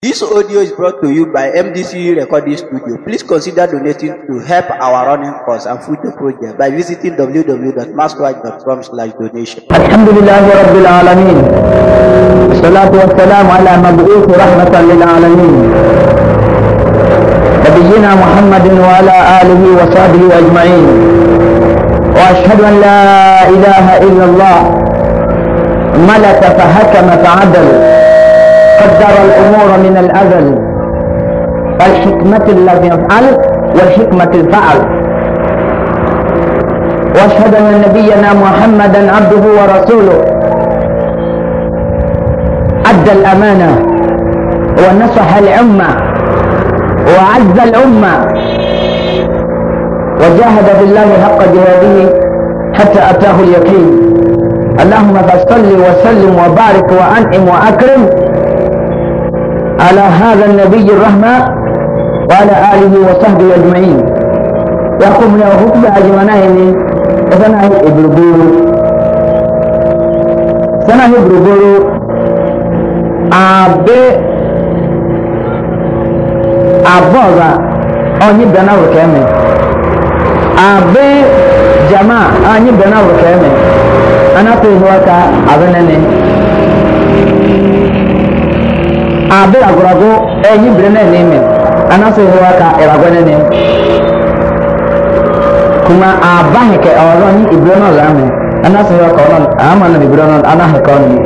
This audio is brought to you by MDC Recording Studio. Please consider donating to help our running costs and future project by visiting www.maskwatch.com slash donation. الحمد لله رب العالمين والصلاة والسلام على مبعوث رحمة للعالمين نبينا محمد وعلى آله وصحبه أجمعين وأشهد أن لا إله إلا الله ملك فحكم فعدل قدر الأمور من الأزل الحكمة الذي يفعل والحكمة الفعل واشهد أن نبينا محمدا عبده ورسوله أدى الأمانة ونصح الأمة وعز الأمة وجاهد بالله حق جهاده حتى أتاه اليقين اللهم فصل وسلم وبارك وأنعم وأكرم على هذا النبي الرحمة وعلى آله وصحبه أجمعين يقوم له خطبة أجمعناه وسنه إبرغورو سنه إبرغورو أبي أبوغا أني بنا وكامل أبي جماعة أني بنا وكامل أنا في هواك أبناني abe agorago ɛyi bere na ɛne mi anaso ehu aka ɛrago ne ne kuma aba heke ɔrɔ ni ibere na ɔra mi anaso ehu aka ɔrɔ ama na ibere na ana heke ɔrɔ mi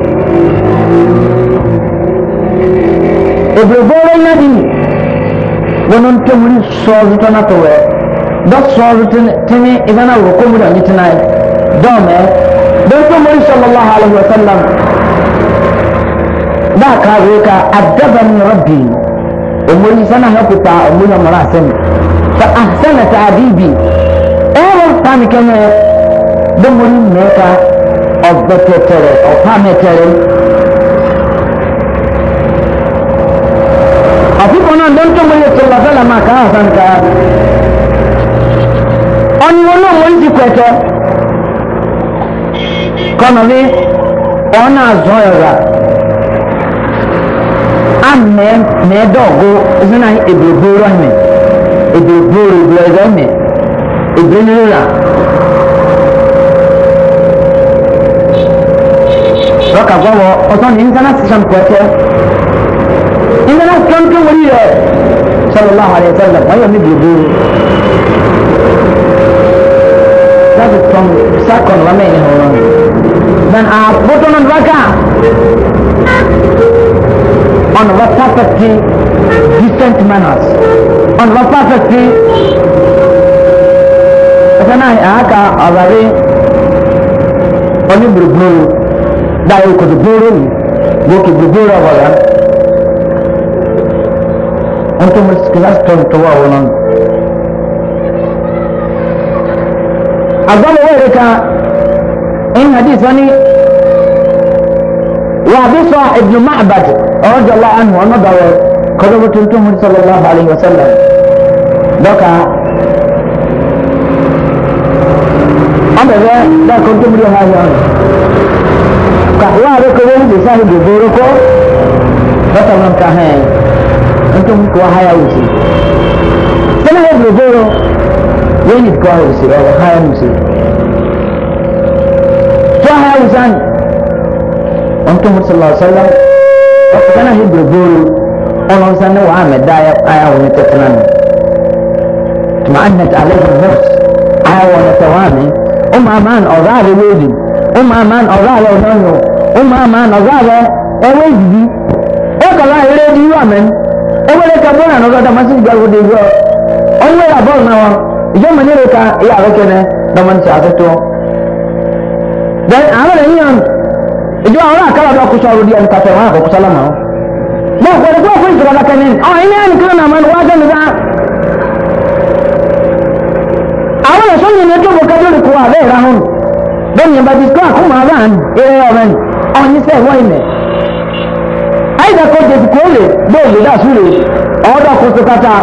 ebere bɔɔrɔ yi na di wɔn ntomri sɔɔzi tɔ na to wɛ dɔ sɔɔzi tini ibana wɔ kɔmu da ɔnyi tena yi e. dɔɔ eh. mɛ dɔ ntomri sɔlɔ lɔha alehu wa sallam da ka zo ka addaban rabbi umuri sana hakuta umuri mara sani fa ahsana ta'dibi ewa tani kenya da muri meka of the tetere of pametere afiko na don to muri sallallahu alaihi wasallam ka hasan ka oni wono mun ji kwete kono ni ona zoyora amẹ mẹẹdọgọ ẹsẹnà ebèrèbèrè ọmẹ ebèrèbèrè ebèrèbèrè ọmẹ ebèrèbèrè. lọ́kà gbọ́wọ́ ọ̀tọ́ ní international pẹ̀tẹ́ international tó wọlé rẹ̀ sọlọ́lá àwọn ẹ̀sẹ̀ lọ wáyọ̀ ní bèrèbèrè. láti tọ́ sákọ̀nù wàmẹ̀ ìhọ̀rọ̀ náà àbótọ́nà lọ́kà. on the perfectly decent manners on the perfectly sana haka azare wani burgburu da yau ku burgburu ne yau ku burgburu a wala an to mu suka zasu tantawa wannan azama wai rika in hadis wani wa bisa ibnu ma'bad رضي الله عنه أنا دعوة قدوة تلتم صلى الله عليه وسلم دكا أنا ذا لا كنت مريم هاي أنا كهوا ركوه بساه جبوركو بطلن كهين أنتم كوهاي أوسي سنة جبورو وين كوهاي أوسي أو هاي أوسي كوهاي أوسان أنتم صلى الله عليه وسلم ọ̀sán náà ṣe gbogbooro ọlọ́sán ní wàá mẹ́ta ayáwó ní tẹ̀tẹ̀nà mi tùmọ̀ ànẹ́t àlejò nọ́ọ̀sì ayáwó ní tẹ̀wá mi ó máa máa ń ọ̀rọ̀ àrẹ lóde ó máa máa ń ọ̀rọ̀ àrẹ ọ̀nọ́nù ó máa máa ń ọ̀rọ̀ àrẹ ẹwé yìí ó kàlá eré di yíwà mẹ́ni ewúrẹ́ ka bọ́ọ̀nà náà dọ́dọ̀ máa ń gbé ọgbọ́dọ̀ ìgbọ́ ọ̀nwé yà bọ́ọ̀nà wọn ìjọba nílò ká ìyá àrẹ́kẹ́ni dọ́mọ́ntì àtútù. then àwọn ènìyàn ìjọ àwọn àkàrà bí ọkùnrin sọ̀rọ̀ díẹ̀ nípa tẹ̀wọ̀n àkọ́kọ́ sálámà ọ́. mo kò lè fún ìṣòro lọ́kẹ́ ní ọ̀ ilé ẹni kan náà máa ń wájú nígbà. àwọn ẹ̀ṣọ́ yìí ni tóbi kẹ́jọ́ lè kó àbẹ́ ìra hàn bẹ́ẹ̀ ni ìbàdí kọ́ àkómọ àbá àná eré ọ̀rẹ́ ni ọ̀yin sẹ́ wọ́n ilẹ̀. àyíká kó jẹ́ kó lè bóòlù dàsúlè ọ̀dọ̀ kó so kata.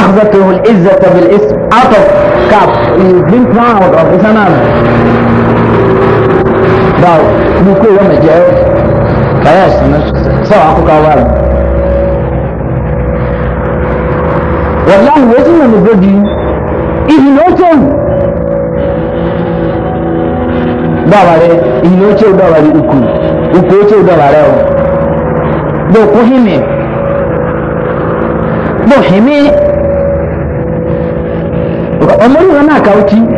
أخذته العزة بالاسم out of cap he is being proud of his anam dao nukuu yɛ mɛgye ɛwɔ kaya sini sɛ wɔn akokɔ awa mu wɔlahi wɔsi na ne bodi ihi na ɔkyɛ mu dɔwari ihi na ɔkyɛ mu dɔwari uku uku ɔkyɛ mu dɔwari ɛwɔ bɛ ɔkɔ himi bɛ ɔhimi ɔmɔri wɔn a kawo kyi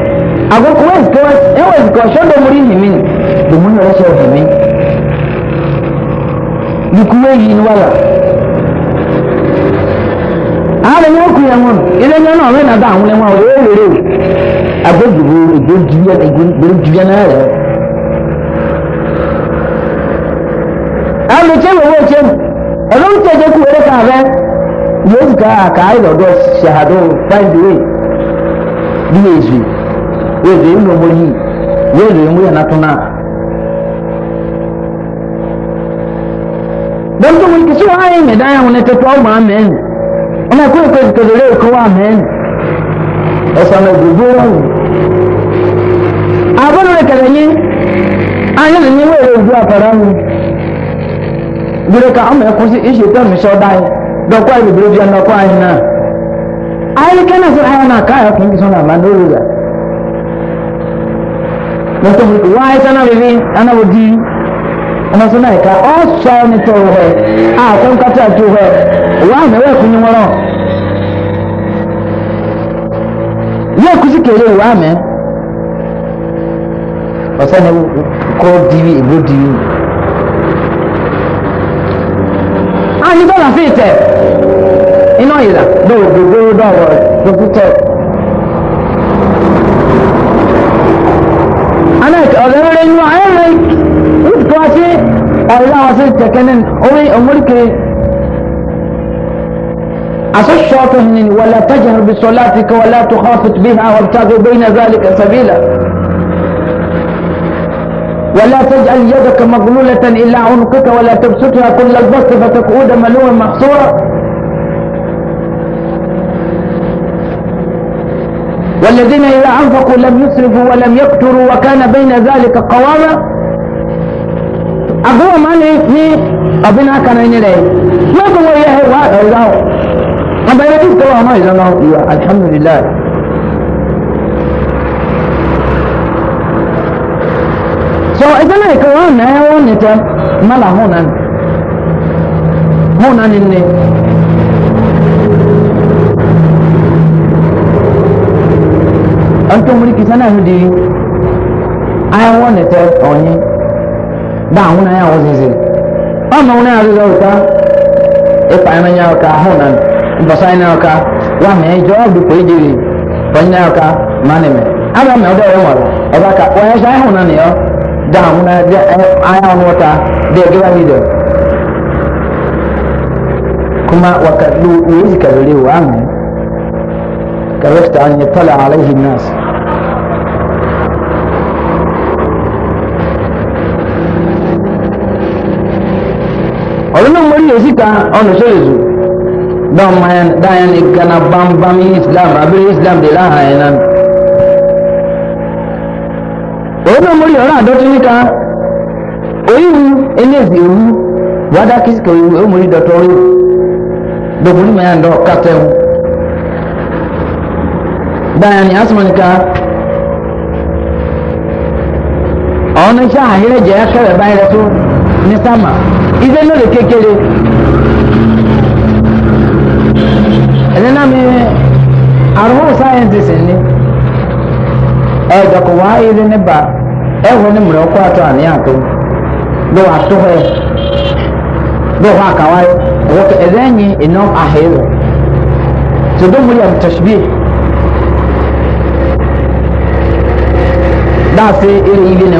agogo wezi kawa ewezi kawa shondo muri himi dumuni olesha himi bikuwe yin wala ale nye okuya ŋun ile nye na ɔbɛ na da ahun ɛmu awo ewe were o agbɛdubu egbe dubia egbe dubia na yɛrɛ ale tse wo wo tse mu ɔlɔn tse tse ku wele kan bɛ yezi ka aka ayi lɔdɔ sahado find way bi yɛ yeze ino muri yeze muri anatuna Bonto mun kisu haye me daya mun tetu au ma men. Ona ko ko ko dole ko wa men. Esa na gugura. Abono le kadanyi. Ayo ni we le gugura paramu. Gure ka amma ko si ishe ta so bi na kwa ina. Ayi kana so haye na kaya kun kisu na n'olu da. lọ́tọ̀ wá ẹ̀sán náà bèbí anáwòdì ọmọ sọ náà ẹ̀ka ọ̀ sọ ní tó rẹ̀ àtọ́ nkátà tó rẹ̀ wá mẹ́wàá kú ni wọ́n rọ̀ yóò kú sí kéré wá mẹ́ ọ̀sán ni kọ́ diwi ègbó diwi. a ní bọ́lá fi tẹ̀ iná ìlà bẹ́ẹ̀ gbogbo dọ̀wọ̀ dókítọ̀. ana ka ọ̀dọ́rẹ́ inú ayé rẹ̀ ìfọ́ sí ọ̀rẹ́lá ọ̀sẹ̀ jẹ̀kẹ́ni orí ọmọlùkẹ́ asọ́sọ́ tó ní wàlá tajàrù bí sọ láti kọ́ wàlá tó kọ́ fìtì bí àwọn ọ̀tàgé bẹ́yìn náà záàlì kà sàbílà ولا تجعل يدك مغلولة إلى عنقك ولا تبسطها كل البسط فتقعد ملوما محصورا والذين إذا أنفقوا لم يسرفوا ولم يقتروا وكان بين ذلك قواما أقوى من إثني أبنا كان إني لي ما هو يهوى إذا أما يجب توا ما إذا الحمد لله so إذا ما يكوان ما هو نتا ما لا هونان هونان إني sana hudi aya wone te onye da wona ya ozizi ama wona ya zo ka e pa na ya ka ho na ba sai na ka wa me jo du pe jiri pa na ka mane me ama me odo ya wala e ba ka wa ya sai ho na ne yo da wona ya aya wota de ge ya ni de kuma wakadu uwezi kazolewa ame kalafta an yatala alaihi nas ọ̀rọ̀lọ́ mọ̀rí èsìká ọ̀nà sọ́lẹ̀sù dáyàn ìkànnà bámbám islam abẹ́rẹ́ islam dè láhà ẹ̀ náà ọ̀rọ̀lọ́ mọ̀rí ọ̀rọ̀ àdọ́tí níka oyíwu eléèzì ewu wádá kìsìkà ewu ọmọrí dọ̀tọ̀ rí dọ̀gbọ̀n mẹ́yà ń dọ̀ kàtẹ́wù dáyàn asọ́mọ̀nìka ọ̀nà iṣẹ́ àhírẹ́jẹ́ kẹrẹ̀ báyìí rẹ̀ tó ní ize ìdè kekere lè kékeré ẹni náà mi àrùn sáyẹ́ǹtìsì ni ẹ̀ẹ́dọ̀kọ̀ wá ìdè níbà ẹ̀wọ̀n ní mìíràn atọ àtọ̀ àníyàn ya atọ wà tó ẹ̀ ló wà kàwáyé ọ̀wọ́kẹ́ ẹ̀dẹ́ ẹ̀yìn iná àhẹ́rọ̀ tòdómúlẹ̀ ya dáa sí eré na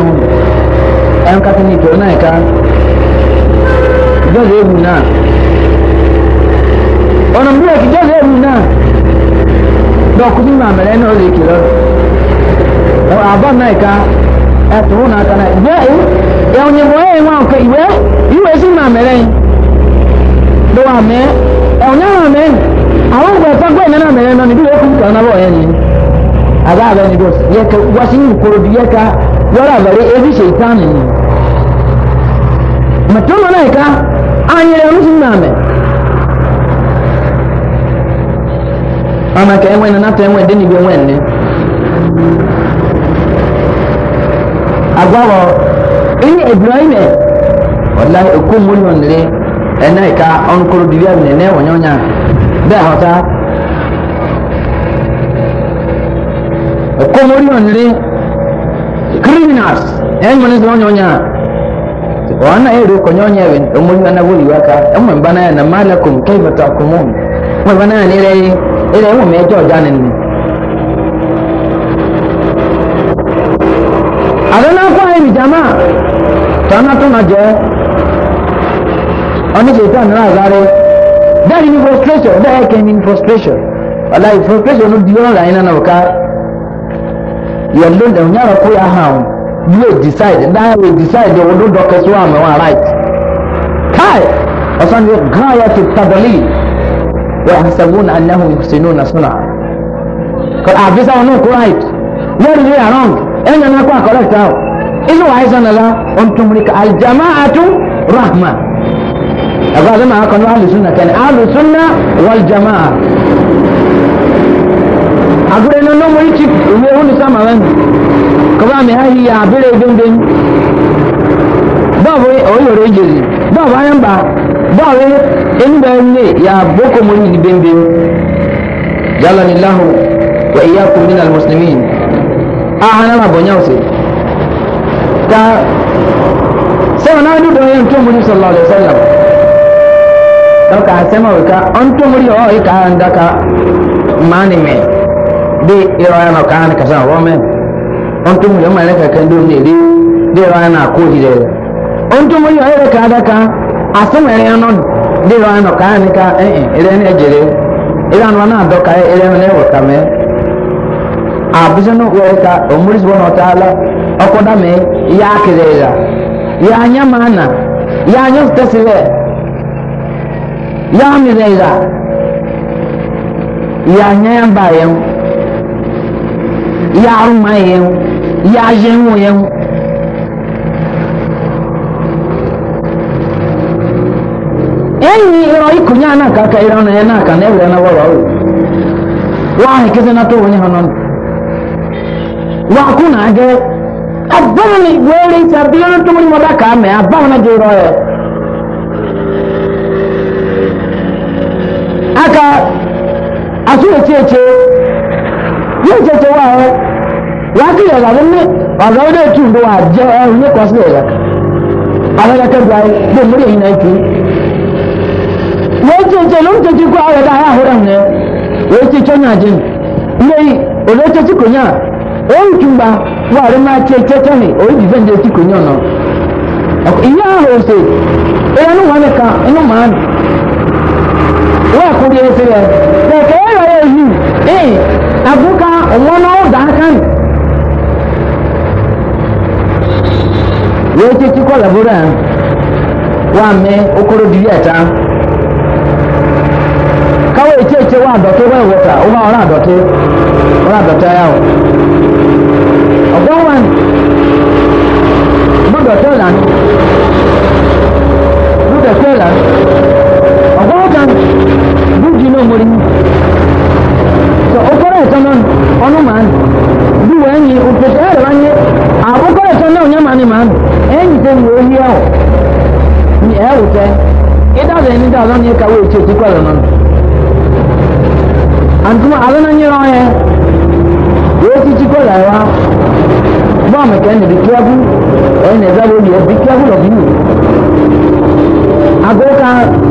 ẹn kata ni tòun náà ká jọ́sẹ̀ ewu náà ọ̀nà bírèkì jọ́sẹ̀ ewu náà dọ̀kú ní màmẹ́rẹ́ náà ó lè kìlọ̀ ọ̀ àbọ̀ náà ká ẹ̀tọ́ wọn náà kàná ìwé ẹ̀wọ̀n ni wọ́n yẹn wọn kọ ìwé ìwé sí màmẹ́rẹ́ yìí ló wà mẹ́ ẹ̀wọ̀n náà mẹ́ àwọn ìgbà ẹ̀fọ́ gbọ́ ìnáná mẹ́rẹ́ náà níbi ìwé kúkú ọ̀nà bọ̀ yẹn ni àbá àbẹ́ni bọ́s yẹ ká wọ́n sì ń kúrò bí yẹ ká yọ̀rọ̀ àbẹ̀rẹ̀ ebi ṣe ìtàn nìyẹn. mata malaika anyere musu nnaame ama ka enwe na nata enwe deni gwe nwenne agwawo ini ibrahim wallahi okun mulon le enaika onkoro bibiya ne ne wonyonya da hota okun wana yero konyonyewe omulima nabuli waka emwe mbana ya namalakum kaifa tahkumun mwe bana ya nire ile emwe mejo jane ni adana kwa hivi jamaa tana tunaje oni shaitan na azare that in frustration that came in frustration wallahi frustration no diona ina na waka yallo da nyara ko ya hawo yóò decide dáhà wò decide will do dọ̀kẹ́ sí wà mẹ́wàá right káì ọ̀sán ni gáyà tó tabali wà hasabun anahun sinu nasuna kò àbísà wọn náà kó right wọ́n rí around ẹ̀yìn náà kó correct out inú àìsàn nàlá ọ̀ntúnmùrìkà àlìjàmá àtú rahma ẹ̀kọ́ al sunna kọ́ni alùsùnà kẹ́ni alùsùnà wàlìjàmá àgùrẹ́ náà ló mú ìtì ìwé onísàmà wẹ́nu. kọba mi ha yi ya abere gbemgbem bọọbụ oyoro ejezi bọọbụ anya mba bọọbụ enugbe nne ya boko mo yi gbemgbem jalani lahu wa iya kumina muslimin aha na ma bonya ose ta sẹ́wọ̀n náà dúdú ọ̀yẹ́ ntọ́mù ní sọ̀lá ọ̀lẹ́ sọ́lá dọ́kà sẹ́wọ̀n wíkà ọ̀ntọ́mù ní ọ̀ọ́ ìkà ndaka mánìmẹ̀ bí ìrọ̀ ya nọ̀ kàn kàṣà wọ́n mẹ́rin ọ̀ntún mu yọ ọmọ ẹlẹ́kà kan dóni èdè dèrò ayé náà kó yìí dẹ̀ ọ̀ntún mu yọ ẹlẹ́kà adaka asọ́mọ̀ẹ́rẹ́ yẹn nọ dèrò ayé náà káyà ní ká ẹ̀ẹ́n ẹ̀rẹ́ ní ẹ̀jẹ̀rẹ́ ẹ̀rẹ́ àwọn náà dọ́ka ẹ̀rẹ́ mi náà wọ̀ kàmẹ́ àbísẹ́ náà wọ̀ ẹ̀ka ọ̀múrísìbọ̀ náà ọ̀tá alá ọkọ̀ dàmẹ́ yá kẹlẹ́ ẹ̀rà yá anyá màánà yá anyá tẹ̀sílẹ̀ yá mìíràn ẹ̀rà yá anyá yá bàyẹ̀ mu ya aruma yẹn ya yẹnwo yẹn. ẹyin irọ ikọ nyẹ anaka aka irọ na yẹn aka na ẹwẹ na wọrọ o wàhìn kẹsẹ náà tó wọn yẹn hàn nọ wàkú nà agẹ abáwọn ni wẹẹrẹ ìta bí wọn tó wọn ni wọn bá kà á mẹ abáwọn náà jẹ irọ yẹ. aka atúwètí ẹ̀kyẹ́ yóò tètè wá ẹ wàá kí ìyàrá mi ní ọ̀dọ́ ilé ìtúndó wà jẹ́ ẹrù ní kọ́sí ìyàrá àwọn ẹlẹ́kẹ́ bí ayé bí èmi lè yín náà kí. wọ́n tètè ló ń tètè kó àwọn ẹ̀dá ayáhóró ẹ̀ wọ́n ti tó yàn jẹ́ ilé yìí òde tètè kò yàn òun túmba wà rí máa tẹ tẹ́tẹ́ ní òun jù fẹ́ǹdé tí kò yàn náà. ìyá àhòsè ìyá inú wọn nìkan inú màá nù wọ́n àkúndé ẹsẹ̀ rẹ̀ kẹ̀kẹ́ ẹ̀rọ yẹn yìí abuka ọmọnà ọdà kan yóò tètè kọ làbúrò à wà mẹ okoro dìbí ẹta káwé ètí ètí wà dọ̀tí wẹ́ẹ̀ wọ̀tà ó bá ọ̀rọ̀ àdọ̀tí ọ̀rọ̀ àdọ̀tí ayáwó. owó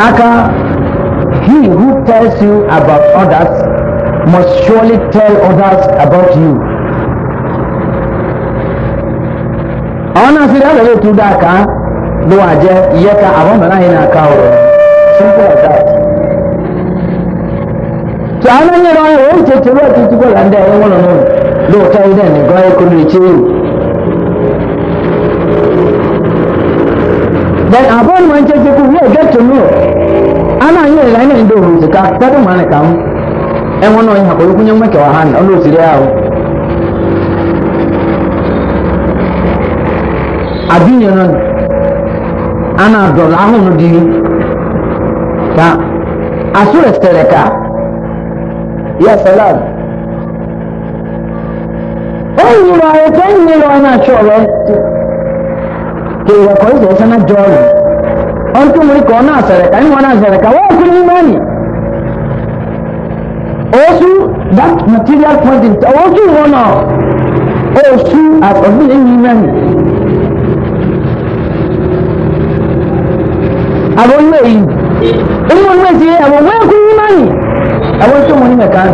aka he who tells you about others must surely tell others about you. àwọn náà sì rí àlọ́ ètò dáka ló wà jẹ́ iyẹ́ka àwọn mìíràn yìí náà ká ọ̀rọ̀ simple as that. tí àwọn ẹni rán ìwé ìtètè rẹ̀ tuntun bọ̀ láńdẹ̀ ẹ̀wọ̀n lọ́nà lóòótọ́ ilé ẹ̀ nìkan lè ṣe é. wọ́n mọ̀ ń ṣe ṣe kú ní ẹ̀gẹ́ tó ní ọ̀ ana yẹ ẹ̀la ẹ̀na ẹ̀dọ̀ òhùn zika tẹ́tọ̀ mọ̀ ní kàn ẹ̀wọ̀n náà yẹ àkọ́yọ́ kúnyẹ́ mẹ́kẹ̀ wà hàn ọ̀nà òsì rẹ̀ àwọ̀ àbíyẹn náà ana dọ̀là ahùn ní dìní ká asúrẹ̀ sẹ̀rẹ̀ ká yẹ sẹ́láàd ó yìí lọ ẹ̀kọ́ yìí lọ ẹ̀ náà ṣọ̀rẹ́ kèrè ẹ̀kọ́ yìí ọ̀n tó múri kọ́ náà sẹ̀rẹ̀ ká ẹni wọn náà sẹ̀rẹ̀ ká wọ́n kú ní mẹ́rin oṣù that material content oṣù wọn náà oṣù àtọ̀dún ní mẹ́rin. àwọn ilé yìí inú ilé ti àwọn wọ́n kú ní mẹ́rin àwọn tó múri mẹ́ka.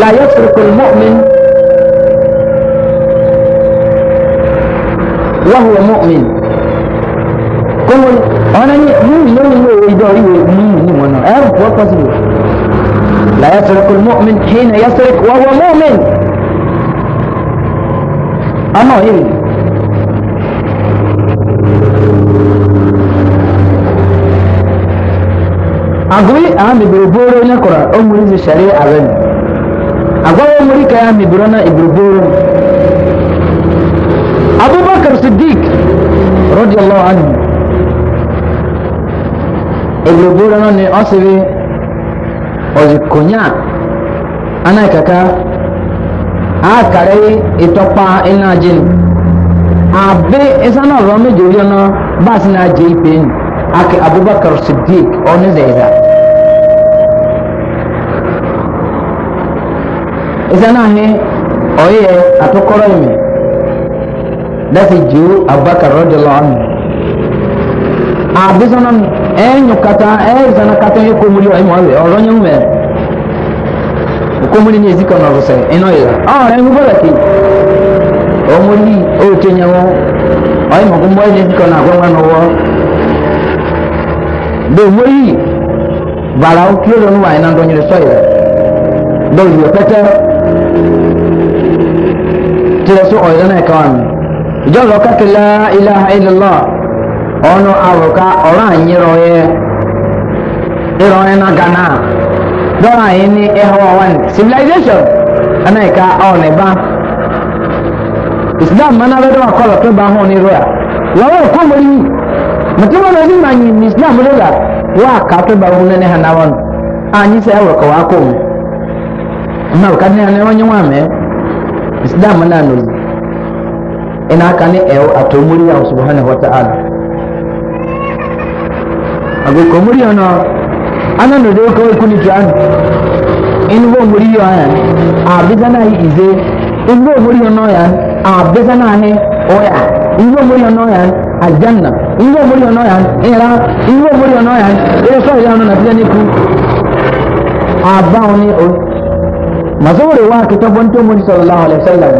لا يترك المؤمن والتزوير لا يسرق المؤمن حين يسرق وهو مؤمن أما هي أقول أمي بروبورو نكرا أمري زي شريعة أبن أقول أمري كأمي برونا إبروبورو أبو بكر صديق رضي الله عنه egbogbo rẹ ni ọ sịrị ọzikonya anaghịkaka akara ịtọpa ịna jin abe ịsanụ ọrụ meji ori ọnụ baasị na aje ipe ake abubakar siddiq ọnụ zaiza ịsanụ ahụ ọyịa atụkọrọ ime dasi jiwu abubakar rọdịla ọnụ abe sanụ ɛnyu kata ɛzana kata yɛ komori ɔyɛ mu awɛ ɔrɔ nyɛ mɛ komori ni ezika na ɔsɛ ɛnɔ yɛ ɔrɔ ɛmu bɔra ke ɔmoli ɔte nyɛ wɔ ɔyɛ mu ɔmɔ ɛni ezika na agbɔnwa na ɔwɔ bɛmori bara okie lɔ nu wa ɛna dɔ nyere sɔyɛ dɔw yɛ pɛtɛ tirɛ ɔyɛ na ɛka wa mi ìjọba la ilaha illallah ọnụ awụka ọrụ anyị rọye ịrọye na ghana dọrọ anyị ni ịhụ civilization anaghị ka ọ na-eba islam mana bɛ dɔn tó ba hɔn ni rɔ ya wɔwɔ mo yi mutuma na ni ma nyi ni islam rɔ la wa ka tó ba hɔn ne hana wɔn a nyi sɛ ɛwɔ kɔwa kó mu ɛna o ka ne hana wɔn nye wɔn amɛ islam na no yi ɛna aka ne ɛwɔ atɔ mo yi a subahana wa ta'ala ago ko muri ono ana no de ko kuni jan in bo muri yo ya a bizana yi ize in bo muri ono ya a bizana ne oya in bo muri ono ya aljanna in bo muri ono ya era in bo muri ono ya era so ya ono na bizani ku aba oni o mazore wa kitabun to mun sallallahu alaihi wasallam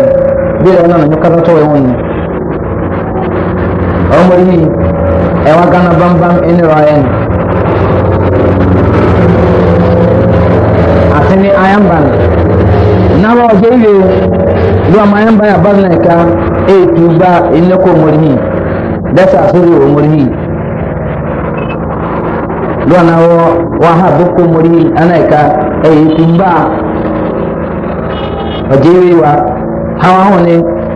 bi ona no karanto wa woni Omar ewa kana bam bam ene rayen ayam ban nawo ba je ye do ma ayam ban ban na ka e tu ba ene ko morhi da sa suru o morhi do na wo wa ha bu ko morhi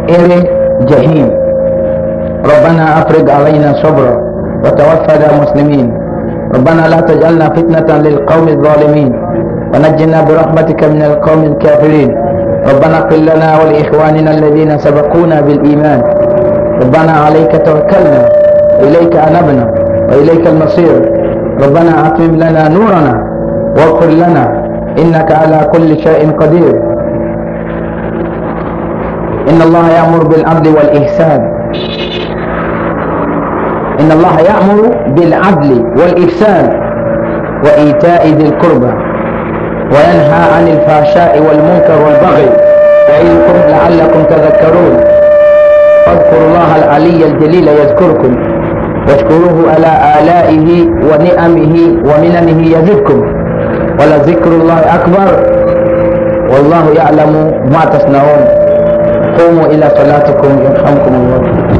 ere jahim ربنا افرغ علينا صبرا وتوفنا مسلمين ربنا لا تجعلنا فتنة للقوم الظالمين ونجنا برحمتك من القوم الكافرين ربنا اغفر لنا ولإخواننا الذين سبقونا بالإيمان ربنا عليك توكلنا إليك أنبنا وإليك المصير ربنا أتمم لنا نورنا واغفر لنا إنك على كل شيء قدير إن الله يأمر بالعدل والإحسان إن الله يأمر بالعدل والإحسان وإيتاء ذي القربى وينهى عن الفحشاء والمنكر والبغي يعظكم لعلكم تذكرون فاذكروا الله العلي الجليل يذكركم واشكروه على آلائه ونعمه ومننه يزدكم ولذكر الله أكبر والله يعلم ما تصنعون قوموا إلى صلاتكم يرحمكم الله